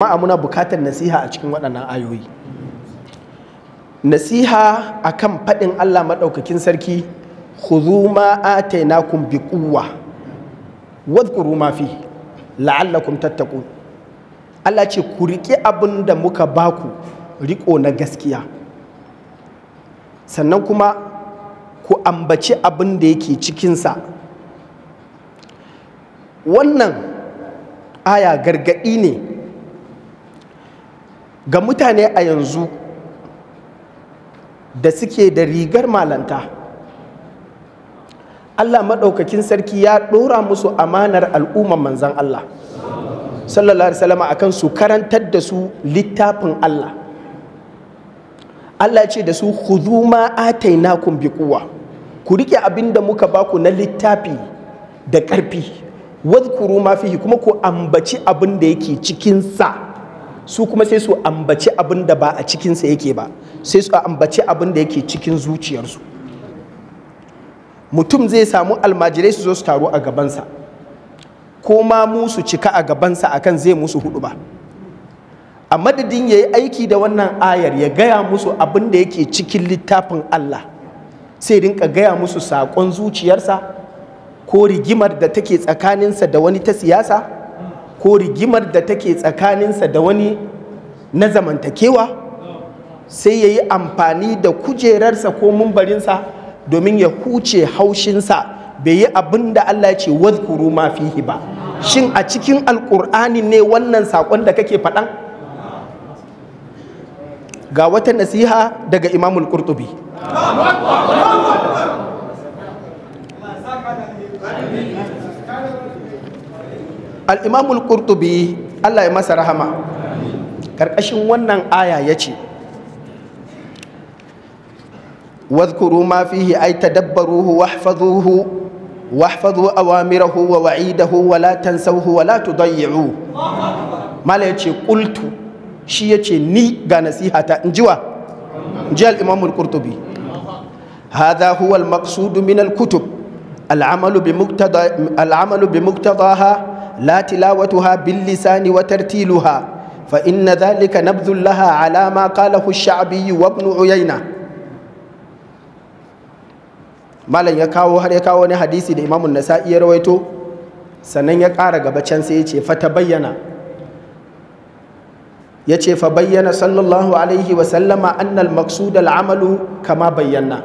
ma'a muna bukatar nasiha a cikin waɗannan ayoyi nasiha a faɗin allah maɗaukakin sarki khudhu ma atainakum bi wadhkuru ma fi la'allakum tattaqun allah ce ku riƙe abin da muka baku riƙo na gaskiya sannan kuma ku ambaci abin da yake cikinsa wannan aya gargaɗi ne ga mutane a yanzu da suke da rigar malanta Allah maɗaukakin sarki ya ɗora musu amanar al'umman manzan Allah sallallahu alaihi wasallam akan su karantar da su littafin Allah Allah ce da su khudhu ma atainakum biquwa ku rike abinda da muka baku na littafi da ƙarfi wadhkuru ma fihi kuma ku ambaci abinda yake cikin sa su kuma sai su ambaci abin da ba a cikinsa yake ba sai su ambaci abin da yake cikin zuciyarsu mutum zai samu almajirai su zo su taru a gabansa ko ma musu cika a gabansa akan zai musu hudu ba a madadin ya yi aiki da wannan ayar ya gaya musu abin da yake cikin littafin Allah sai rinka gaya musu saƙon zuciyarsa ko rigimar da take tsakaninsa da wani ta siyasa ko rigimar da take tsakaninsa da wani na zamantakewa sai ya yi amfani da kujerarsa ko mumbarinsa domin ya huce haushinsa bai yi abin da Allah ce wadkuru ma fihi ba shin a cikin alkur'ani ne wannan saƙon da kake faɗan ga wata nasiha daga imamul qurtubi al’imamul ƙurtubi Allah ya masa rahama ƙarƙashin wannan aya yace ce wazkuru ma fihi ay tadabbaruhu wahfazuhu wahfazu awamirahu wa wa'idahu wa la tansawhu wa la tudayyi'u mala yace shi yace ni ga nasihata in jiwa in ji al-imam al-qurtubi hadha huwa al kutub al'amalu bi muqtada al la tilawatuha bil lisani wa tartiluha fa inna dhalika nabdhul laha ala ma qalahu ash-sha'bi wa ibn uyayna malam ya kawo har ya kawo wani hadisi da imamun nasa'i ya rawaito sannan ya ƙara gaba can sai ya ce fa ta bayyana ya ce fa bayyana sallallahu alaihi wa sallama annal maqsud al'amalu kama bayyana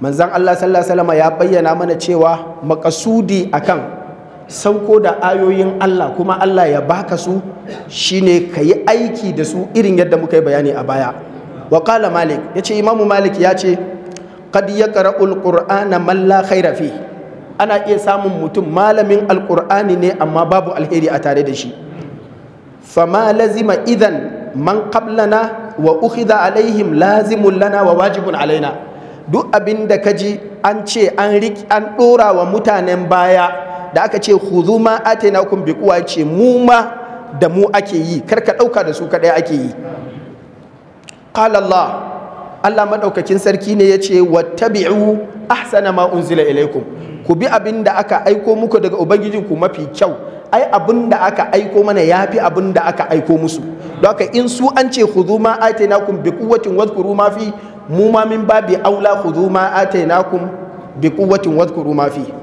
manzon Allah sallallahu ya bayyana mana cewa a kan. sauko da ayoyin Allah kuma Allah ya baka su shine ka yi aiki da su irin yadda muka yi bayani a baya wa kala malik yace imamu malik ya ce qad ya qur'ana man la khaira fi ana iya samun mutum malamin alkur'ani ne amma babu alheri a tare da shi Fa ma lazima idan man qablana wa ukhidha alaihim lazimun lana wa wajibun alaina duk abin da ji an ce an dora wa mutanen baya da aka ce huzu ma kun bi ce mu ma da mu ake yi kar ka dauka da su kaɗai ake yi Allah Allah sarki ne ya ce yace tabi'u ahsana ma unzila ilaikum ku bi abin da aka aiko muku daga ubangijinku mafi kyau ai abin da aka aiko mana ya fi abin da aka aiko musu don in su an ce huzu ma kun bi quwwatin wadhkuru ma fi mu ma min babi aula huzu ma kun bi quwwatin wadhkuru ma fi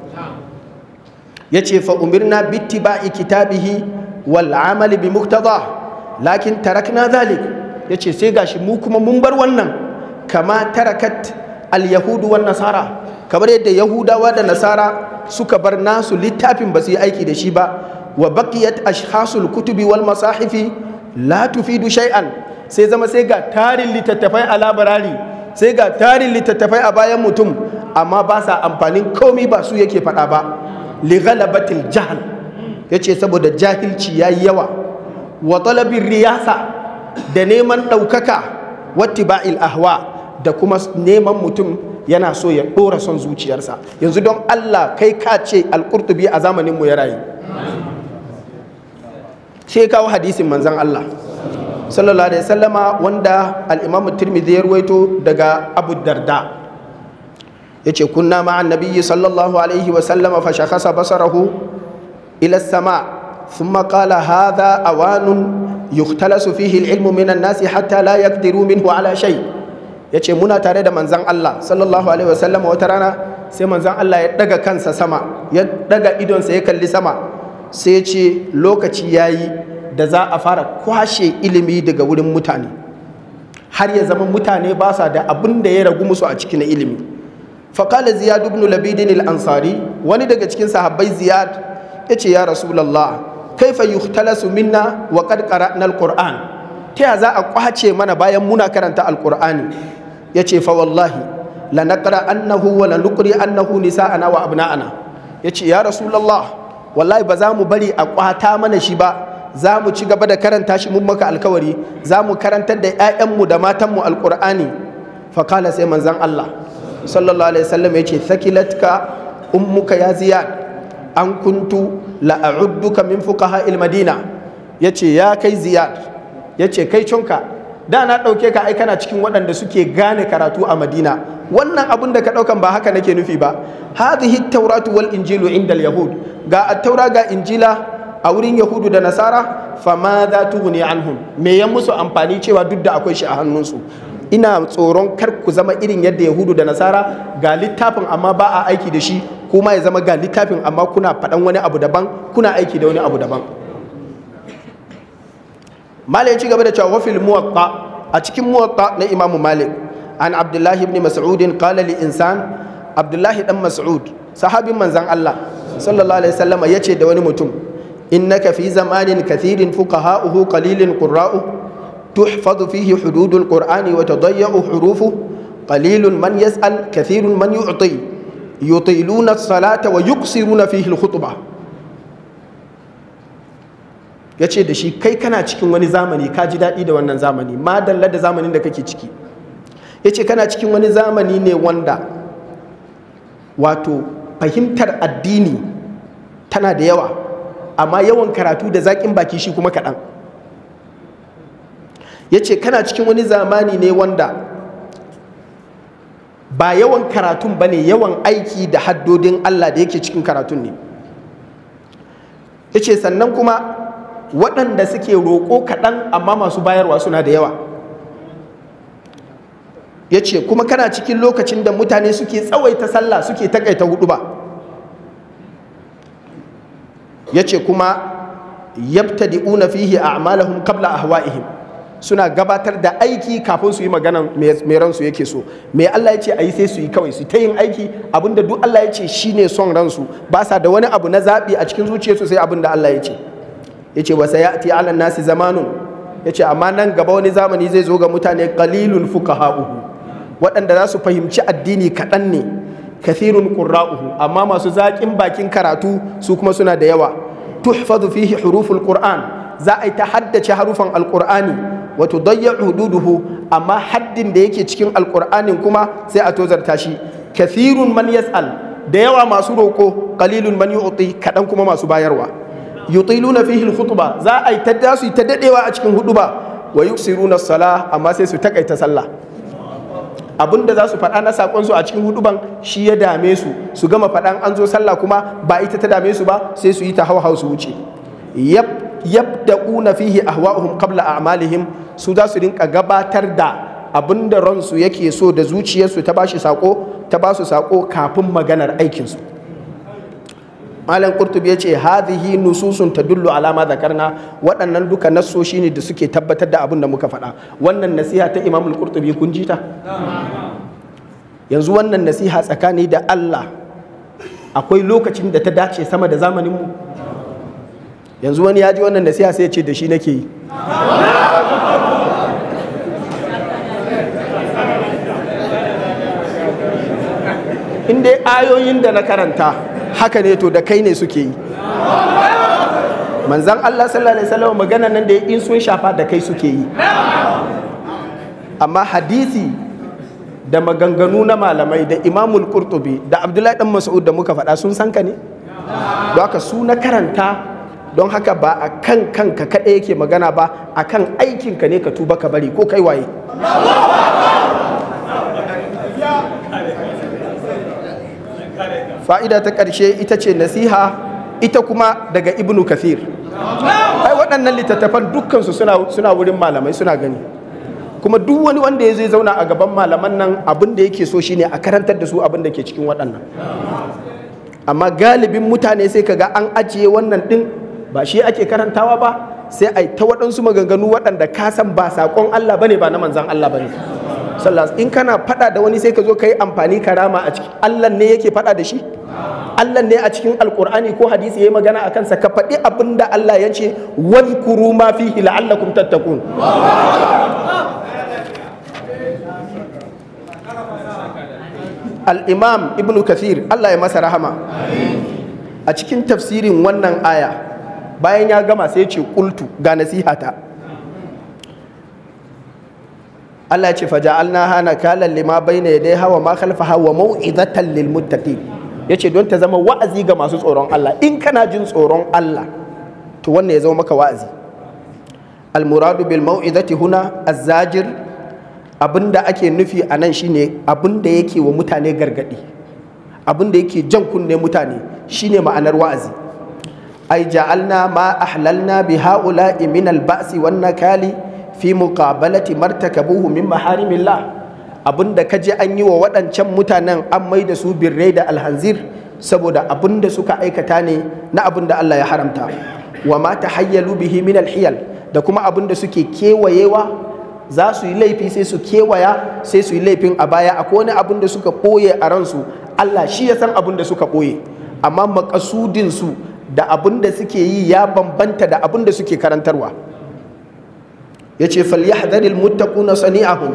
ya ce fa umirna bittiba'i kitabihi wal amali bi muktaba lakin tarakna zalik ya ce sai gashi mu kuma mun bar wannan kama tarakat al yahudu wan nasara kamar yadda yahudawa da nasara suka bar nasu littafin ba su yi aiki da shi ba wa baqiyat ashhasul kutubi wal masahifi la tufidu shay'an sai zama sai ga tarin littattafai a labarari sai ga tarin littattafai a bayan mutum amma ba sa amfanin komi ba su yake faɗa ba li ghalabatil jahl yace saboda jahilci yayi yawa wa talabir riyasa da neman daukaka wattiba'il ahwa da kuma neman mutum yana so ya dora son zuciyarsa yanzu don Allah kai ka ce al-qurtubi a zamanin mu ya rayu sai kawo hadisin manzon Allah sallallahu alaihi wasallama wanda al-imam tirmidhi ya ruwaito daga Abu Darda yace kunna ma'an nabiyyi sallallahu alaihi wa sallama fa shakhasa basarahu ila as-sama thumma qala hadha awanun yuhtalasu fihi fi ilmu min nasi hatta la yaqdiru minhu ala shay yace muna tare da manzon Allah sallallahu alaihi wa sallama wata rana sai manzon Allah ya daga kansa sama ya daga idonsa ya kalli sama sai ce lokaci yayi da za a fara kwashe ilimi daga wurin mutane har ya zama mutane ba sa da abin da ya ragu musu a cikin ilimi faƙala ziyad ibn labidin al-ansari wani daga cikin sahabbai ziyad ya ce ya rasulallah kaifa yuhtalasu minna wa qad qara'na al ta ya za a kwace mana bayan muna karanta al ya ce fa wallahi la naqra annahu wa la nuqri annahu nisa'ana wa abna'ana ya ce ya rasulallah wallahi ba za mu bari a kwata mana shi ba za mu ci gaba da karanta shi mun maka alkawari za mu karantar da 'ya'yanmu da matanmu alkur'ani fakala sai manzan Allah sallallahu alaihi wasallam ya ce thakilatka ummuka ya ziyad an kuntu la'udduka min fuqaha madina ya ya kai ziyad ya kai cunka da na ɗauke ka ai kana cikin waɗanda suke gane karatu a madina wannan abun da ka ɗaukan ba haka nake nufi ba hadhihi tauratu wal injilu inda yahud ga taura ga injila a wurin yahudu da nasara fa ma za ne anhum me ya musu amfani cewa duk da akwai shi a hannunsu ina tsoron kar ku zama irin yadda yahudu da nasara ga littafin amma ba a aiki da shi kuma ya zama ga littafin amma kuna faɗan wani abu daban kuna aiki da wani abu daban malik ci gaba da cewa wafil muwatta a cikin muwatta na imamu malik an abdullahi ibn mas'udin qala li insan abdullahi dan mas'ud sahabin manzan allah sallallahu alaihi wasallam yace da wani mutum innaka fi zamanin kathirin fuqaha'uhu qalilin qurra'u تحفظ فيه حدود القرآن وتضيع حروفه قليل من يسأل كثير من يعطي يطيلون الصلاة ويقصرون فيه الخطبة ya da shi kai kana cikin wani zamani ka ji daɗi da wannan zamani ma da zamanin da kake ciki Yace kana cikin wani zamani ne wanda wato fahimtar addini tana da yawa amma yawan karatu da zaƙin baki shi kuma kaɗan ya ce kana cikin wani zamani ne wanda ba yawan karatun ba ne yawan aiki da haddodin Allah da yake cikin karatun ne ya ce sannan kuma waɗanda suke roƙo kaɗan amma masu bayarwa suna da yawa ya ce kuma kana cikin lokacin da mutane suke tsawaita sallah suke takaita hudu ba ya ce kuma di'una fihi a'malahum a hawaihim suna gabatar da aiki kafin su yi magana mai ransu yake so mai Allah ya ce a yi sai su yi kawai su ta yin aiki abinda duk Allah ya ce shine son ransu ba sa da wani abu na zaɓi a cikin zuciyarsu sai abin da Allah ya ce ya ce wasa ya ti alan nasi zamanu? ya ce amma nan gaba wani zamani zai zo ga mutane fuka fuqaha'uhu waɗanda za su fahimci addini kaɗan ne kathirun qurra'uhu amma masu zaƙin bakin karatu su kuma suna da yawa tuhfadu fihi huruful qur'an za a yi ta haddace harufan alkur'ani wato dayya hududuhu amma haddin da yake cikin alkur'anin kuma sai a tozarta shi kathirun man yas'al da yawa masu roƙo qalilun man yu'ti kaɗan kuma masu bayarwa yutiluna fihi alkhutba za a yi ta dasu ta dadewa a cikin huduba wa na salah amma sai su takaita sallah Abun da za su faɗa na su a cikin huduban shi ya dame su su gama faɗan an zo sallah kuma ba ita ta dame su ba sai su yi ta hau su wuce yab yabda'una fihi ahwa'uhum qabla a'malihim su za su rinka gabatar da abinda ransu yake so da zuciyarsu ta bashi sako ta ba su sako kafin maganar aikinsu malam qurtubi ya ce hadhihi nususun tadullu ala ma zakarna waɗannan duka nassoshi ne da suke tabbatar da abin da muka faɗa wannan nasiha ta imam al-qurtubi kun ji ta yanzu wannan nasiha tsakani da Allah akwai lokacin da ta dace sama da zamanin mu yanzu wani ya ji wannan nasiha sai ya ce da shi nake yi in dai ayoyin da na karanta haka ne to da kai ne suke yi manzan Allah sallallahu alaihi wasallam magana nan da in sun shafa da kai suke yi amma hadisi da maganganu na malamai da imamul qurtubi da abdullahi dan mas'ud da muka faɗa sun san ka ne don haka su na karanta don haka ba a kan kanka kaɗai yake magana ba a kan aikinka ne ka tuba ka bari ko kai waye fa'ida ta ƙarshe ita ce nasiha ita kuma daga ibnu kafir ai waɗannan littattafan dukkansu suna wurin malamai suna gani kuma duk wani wanda ya zai zauna a gaban malaman nan abin da yake so shine a karantar da su abin da ke cikin waɗannan amma galibin mutane sai kaga an ajiye wannan ɗin ba shi ake karantawa ba sai a ta waɗansu maganganu waɗanda ka san ba saƙon Allah bane ba na manzan Allah bane Sallas! in kana faɗa da wani sai ka zo ka yi amfani karama a ciki Allah ne yake faɗa da shi Allah ne a cikin alkur'ani ko hadisi yayi magana akan kansa ka faɗi abin Allah ya ce wadhkuru ma fihi la'allakum tattaqun al-imam ibnu kathir Allah ya masa rahama a cikin tafsirin wannan aya bayan ya gama sai ce kultu ga nasihata Allah ce faja'alna hana kalan lima bayna yadai hawa ma hawa wa mau'izatan lil muttaqin yace don ta zama wa'azi ga masu tsoron Allah in kana jin tsoron Allah to wannan ya zama maka wa'azi al muradu bil mau'izati huna azajir zajir abinda ake nufi a nan shine abinda yake wa mutane gargadi abinda yake jan kunne mutane shine ma'anar wa'azi ai ja'alna ma ahlalna bi ha'ula'i min al-ba'si wannan Kali fi muqabalati martakabuhu min maharimillah ka kaje an yi wa waɗancan mutanen an da su birrai da alhanzir saboda abinda suka aikata ne na abinda Allah ya haramta wa ma tahayyalu bihi min al-hiyal da kuma abun da suke kewayewa za su yi laifi sai su kewaya sai su yi laifin a baya akwai abun da suka ɓoye a ransu Allah shi ya san abun da suka ɓoye amma makasudinsu da abin da suke yi ya bambanta da abin da suke karantarwa ya ce falyahdharil muttaquna sani'ahum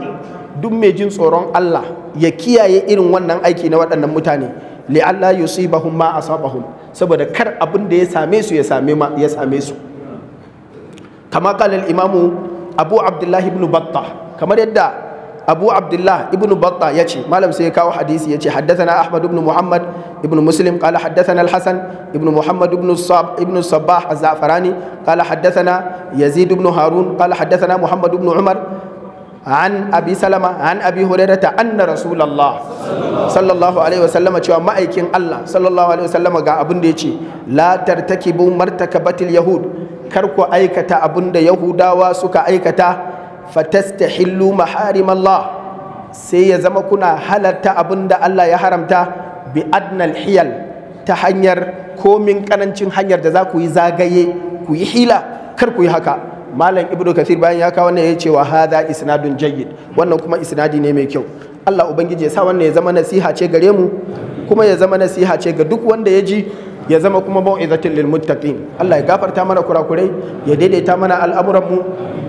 duk mai jin tsoron Allah ya kiyaye irin wannan aiki na waɗannan mutane li'alla yusibahum ma asabahum saboda kar abin da ya same su ya same su kama qala imamu Abu ibn Battah kamar yadda abu abdullah ibn batta ya ce malam sai ya kawo hadisi ya ce haddathana ahmad ibn muhammad ibn muslim kala haddasa al-hasan ibn muhammad ibn sab ibn zafarani kala haddasa na yazid ibn harun kala haddasa na muhammad ibn umar an abi salama an abi hurairata anna rasulullah sallallahu alaihi wasallama cewa ma'aikin Allah sallallahu alaihi wasallama ga abin da ce, la tartakibu martakabatil yahud kar ku aikata abin da yahudawa suka aikata fatastahillu maharimallah harimallah sai ya zama kuna halarta abin da Allah ya haramta bi adnal hiyal ta hanyar komin kanancin hanyar da za ku yi zagaye ku yi hila kar ku yi haka malam ibnu kathir bayan ya kawo wannan ya ce wa hadha isnadun jayyid wannan kuma isnadi ne mai kyau Allah ubangiji ya sa wannan ya zama nasiha ce gare mu kuma ya zama nasiha ce ga duk wanda ya ji ya zama kuma mau'izatin lil muttaqin Allah ya gafarta mana kurakurai ya daidaita mana al'amuran mu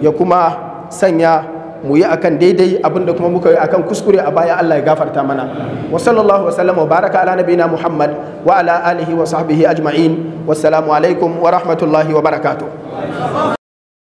ya kuma sanya mu yi akan daidai abinda kuma muka yi akan kuskure a baya Allah ya gafarta mana wa sallallahu wa sallama wa baraka ala nabina Muhammad wa ala alihi wa sahbihi ajma'in wassalamu alaikum wa rahmatullahi wa barakatuh